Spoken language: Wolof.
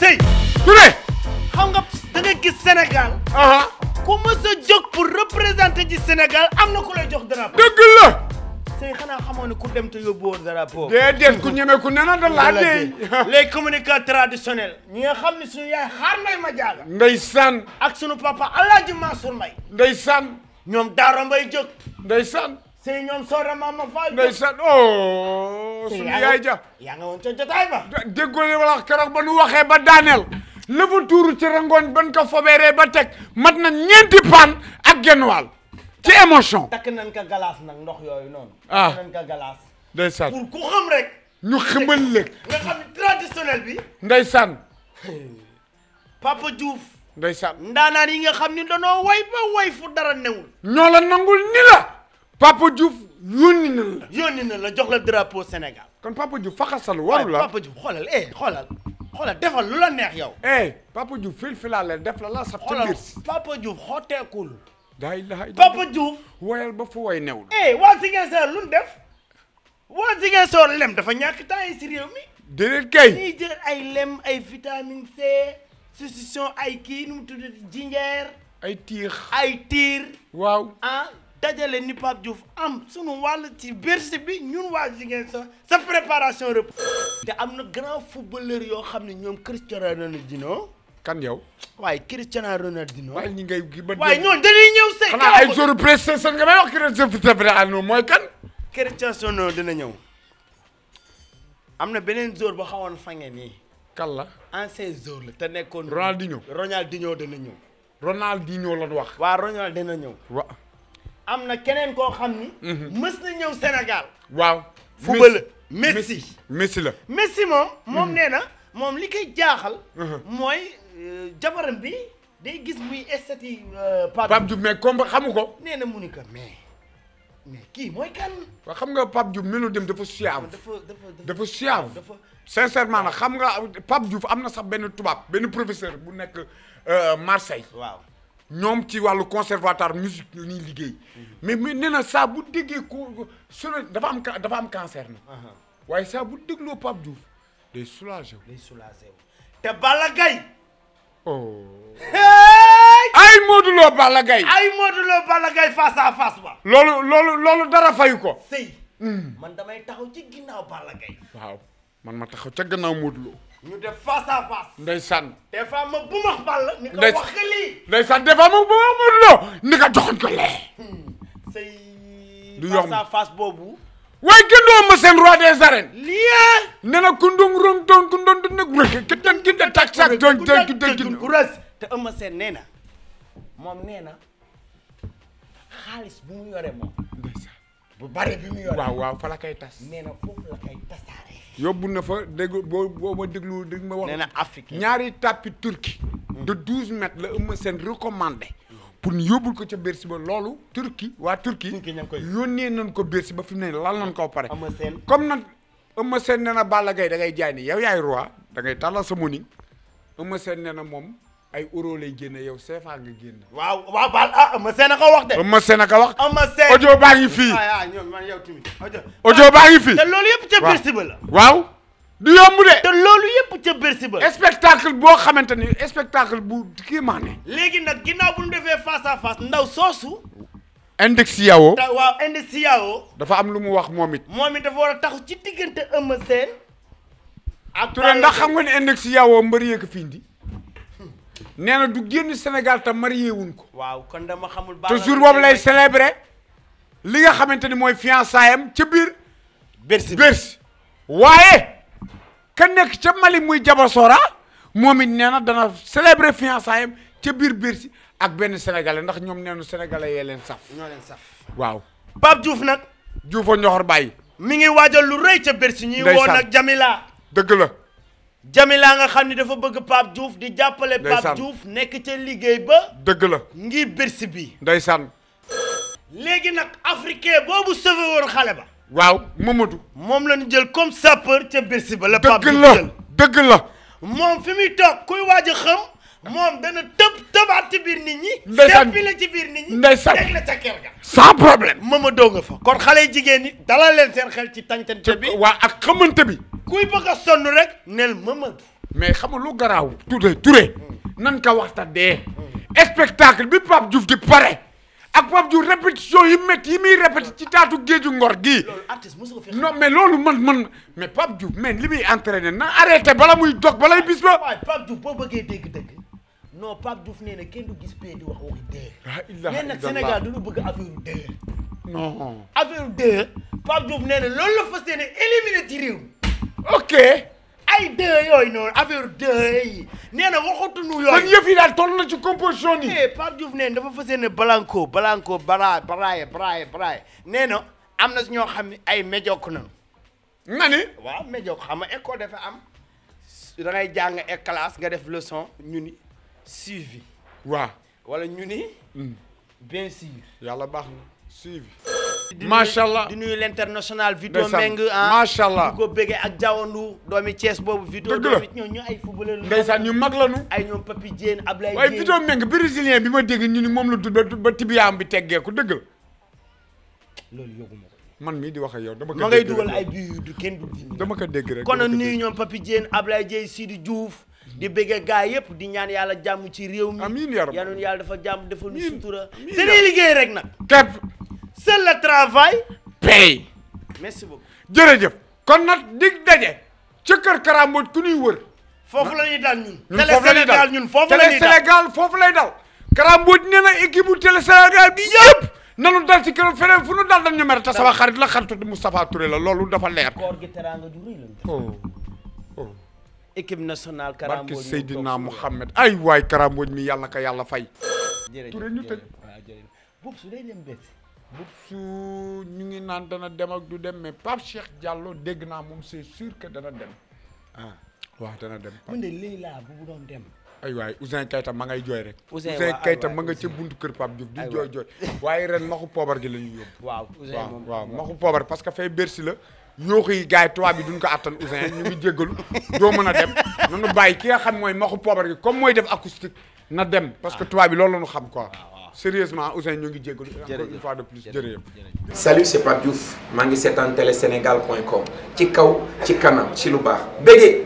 sëy ku ne xam nga gis Sénégal ku mës a jóg pour représenter ci Sénégal am na ku lay jox drapeau la sëy xanaa xamoon ne ku dem te yóbbu woon drapeau déedéet ku ñeme ku nena da laa dee les communicateurs ñi nga xam ne suñu yaay xaar nday ma jaaga ndeysaan ak suñu papa Alaaji Mansour Mbaye ndeysaan ñoom daaro mbay jóg ndeysaan sëñ ñoom Soda Mama Fall. ndeysaan oh. sunu yaay ja yaa nga woon ca ba. déggoo li wala ba nu waxee ba daaneel. lëfu tuuru ci rangoon ban ko fobeeree ba teg mat na ñeenti paan ak genn wàll ci émotion. takk nañ ka galaas nag ndox yooyu noonu. Ah. ku xam rek. ñu xamal léeg. nga xam traditionnel bi. ndeysaan. Papa Diouf. ndeysaan ndaanaan yi nga xam ni danoo way ba way fu dara newul. ñoo nangul ni la. Papa Diouf yónni nañ la. yónni nañ la jox la drapeau Sénégal. kon Papa Diouf faxasal waru la Papa Diouf xoolal eh xoolal. defal lu la neex yow. eh Papa Diouf fil filaale def la la saf. xoolal Papa Diouf xooteekul. daa ilaha illa Papa Diouf. woyal ba fu way newul. eh waa Ziguinchor lu mu def. waa Ziguinchor lem dafa ñàkk temps yi si réew kay ñuy jël ay lem ay vitamine C. solution ay kii nu mu tudd jinjeer. ay tiir ay tiir. waaw ah, dajale ni Pape Diouf am sunu wàll ci Bercy bi ñun waa Ziguinchor sa préparation repas. te am na grand footballeur yoo xam ne ñoom Cristiano Ronaldinho. kan yow. waaye Cristiano Ronaldinho. waaye ñi ngay gi ba. waaye ñooñu dañuy ñëw seen. xanaa ay joueurs PlayStation nga may wax Cristiano mooy kan. Cristiano dina ñëw. am na beneen joueur boo xawoon fange nii. kan la ancien joueur la. te nekkoon ñëw Ronaldinho di ñëw. Ronaldinho lan wax. waaw Ronaldinho dina ñëw. wa am na keneen koo xam ni. Mhm. mës na ñëw Sénégal. waaw football Messi Messi la. Messi moom. moom mhm. nee na moom li koy jaaxal. Mhm. mooy euh, jabaram bi day gis muy esthétique euh, Pape Diouf mais comme xamu ko. nee na mu ni ko mais mais kii mooy kan. waaw xam nga Pape Diouf melu dem dafa suave. dafa dafa dafa suave. sincèrement nag xam nga Pape Diouf am na sax benn tubaab benn professeur bu nekk euh, Marseille. waaw. ñoom ci wàllu conservatoire musique ñuy liggéey mais mais nee na saa bu ko solo dafa am dafa am cancer na waaye saa bu dégloo Pape Diouf day soulagé wu day soulagé wu te Balla Gaye oh ay Modou Lo Balla Gaye ay à face ba loolu loolu loolu dara fayu ko sëy hmm. man damay taxaw ci ginnaaw Balla Gaye waaw man ma taxaw ca gannaaw Modou ñu def face fois ma bu ma ball. ni ko wax fois ma bu ma mënuloo ni ko joxoon ko lee. Hmm. say. du yomb face à face boobu. waaye kenn doo ma seen roi des arènes. lii. nee na kundum rum doon te Eumeu Sène nee na moom nee na xaalis bu mu yore moom. ndeysaan bu bari bi mu yóbbu na fa dégg boo boo ma déglu dégg ma wax. nee na ñaari tapis turki. de douze mètres la Eumeu Sène recommandé. pour ñu yóbbul ko ca Bercy ba loolu. turki waa turki yónnee nañ ko Bercy ba fi mu ne lal nañ koo pare. comme nag Eumeu Sène nee na Balla Gaye da ngay jaay ni yow yaay roi da ngay tàllal sa moni Eumeu Sène nee na moom. ay euro lay génne yow CFA nga génne. waaw waaw baal ah, a ma seen a wax de. ma seen a wax. ma seen audio baa ngi fii. ah ñoom man yow tamit audio baa ngi fii. te loolu yëpp ca Bercy ba la. waaw du yomb de. te loolu yëpp ca Bercy ba la. spectacle boo xamante ni spectacle bu kii maa léegi nag ginnaaw bu ñu defee face à ndaw soosu. index yawo. E waaw index yawo. E dafa am lu mu wax moom it. moom it dafa war a tax ci diggante Eumeu Sène. ndax xam nga ne index yawo e mbër fii ndi nee na du génn Sénégal te marié wuñ ko. waaw kon dama xamul baax te jour boobu lay célébrer li nga xamante ni mooy fiançaayam ca biir. Bercy waaye ka nekk ca Mali muy Jabasora moom it nee na dana célébrer fiançaayam ca biir Bercy ak benn sénégalais ndax ñoom neenu sénégalais yee leen saf. leen saf waaw. Pape Diouf nag. Diouf a ñoxor bàyyi. mi ngi waajal lu rëy ca Bercy. ñuy woon ak Jamila. dëgg la. Jamila nga xam ni dafa bëgg Pape Diouf di jàppale Pape Diouf nekk cee liggéey ba dëgg la ngir birsi bi ndeysaan léegi nag africain boobu sauvé woon xale ba waaw Mamadou moom la ñu jël comme sapeur ca birsi ba la Pape Diouf jël dëgg la dëgg fi muy toog kuy waaj a xam moom dana tëb tëbaat ci biir nit ñi. ndeysaan seppi la ci biir nit ñi. ndeysaan teg la ca kër ga. sans problème. mama doo nga fa kon xale jigéen ñi dalal leen seen xel ci tàncante bi. waa ak xamante bi. kuy bëgg a sonn rek. nel Mamadou. mais xam nga lu garaaw. Touré Touré. nan ka waxta dee. spectacle bi Pape Diouf di pare. ak Pape Diouf répétition yi métti yi muy répété ci taatu géeju ngor gii. non mais loolu man man mais Pape Diouf mais li muy entraîné na arrêté bala muy dog balay bis ba. bëggee dégg non Pape Diouf nee na kenn du gis pay di wax waxi dee. alhamdulilah yéen nag Sénégal du ñu affaire nee na loolu la fas yéene éliminer ok. ay dee yooyu noonu affaire dee yi nee na waxatuñu yooyu. kon yëf yi daal toll na ci eh, dafa fas yéene balanko balanko bara baraaye baraaye baraaye nee na am na ñoo xam ne ay médiocre na. nga ni waaw xam nga école dafa am. da ngay jàng classe nga def leçon ñu ni. suivi. waaw wala ñu ni. Hmm. bien sûr. yàlla baax na suivi. macha allah di nuyu l'international. Vito Meng ah macha allah. di ko bëggee ak jawandu doomi Thiès boobu. dëgg la Vito doomi ñoom ñu ay footballeur ñu mag la ñu. ay ñoom Papi Diène Ablaye Diène waaye Vito Meng brésilien bi ma dégg ñu ni moom la tudd ba tibiyaam bi teggeeku dëgg la. loolu yóbbu ma ko. man mii di wax ak yow dama. ko dégg rek ay biir yu du kenn du. ko dégg rek kon nag nuyu ñoom Papi Diène Ablaye Diène Sidi Diouf. di bëgge gaa yëpp di ñaan yàlla jàmm ci réew mi amiin yaa rabbi yal na yàlla dafa jàmm dafa nu sutura te day liggéey rek nag képp seul la travail paye merci beaucoup jërëjëf kon nag dig daje ci kër Kara Mbodj ku ñuy wër foofu la ñuy dal ñun télé Sénégal ñun foofu la ñuy dal lay dal Kara Mbodj nee na équipe bu télé Sénégal bi na nanu dal ci kër feneen fu nu dal dañ ñu mer te sama xarit la xaritu Moustapha Touré la loolu dafa leer koor gi teraanga ju équipe nationale Karambooj barke Seydina Mouhamed ay waay Karambooj mi yàlla ka yàlla fay. jërëjëf Touré ñu tëj waaw su dee su ñu ngi naan dana dem ak du dem mais Pape Cheikh jàlloo dégg naa moom c'est sûr que dana dem. ah waaw dana dem. mu ne ay waay Ouzin Keita ma ngay jooy rek. Ouzin Keita ma nga ca buntu kër Pape Diouf di jooy jooy. waaye ren maxu poobar gi la ñuy waaw Ouzin moom poobar parce que fay Bercy la. yooxu yi gars yi bi duñ ko attan Ouzin ñu ngi jéggalu doo mën a dem nanu bàyyi ki nga xam mooy maxu poobar gi comme mooy def acoustique na dem parce que ah. tubaab bi loolu lañu xam quoi ah, ah, sérieusement Ouzin ñu ngi jéggalu encore une fois de plus salut c'est Pape Diouf maa ngi seetaan télé sénégal point com ci kaw ci kanam ci lu baax béggee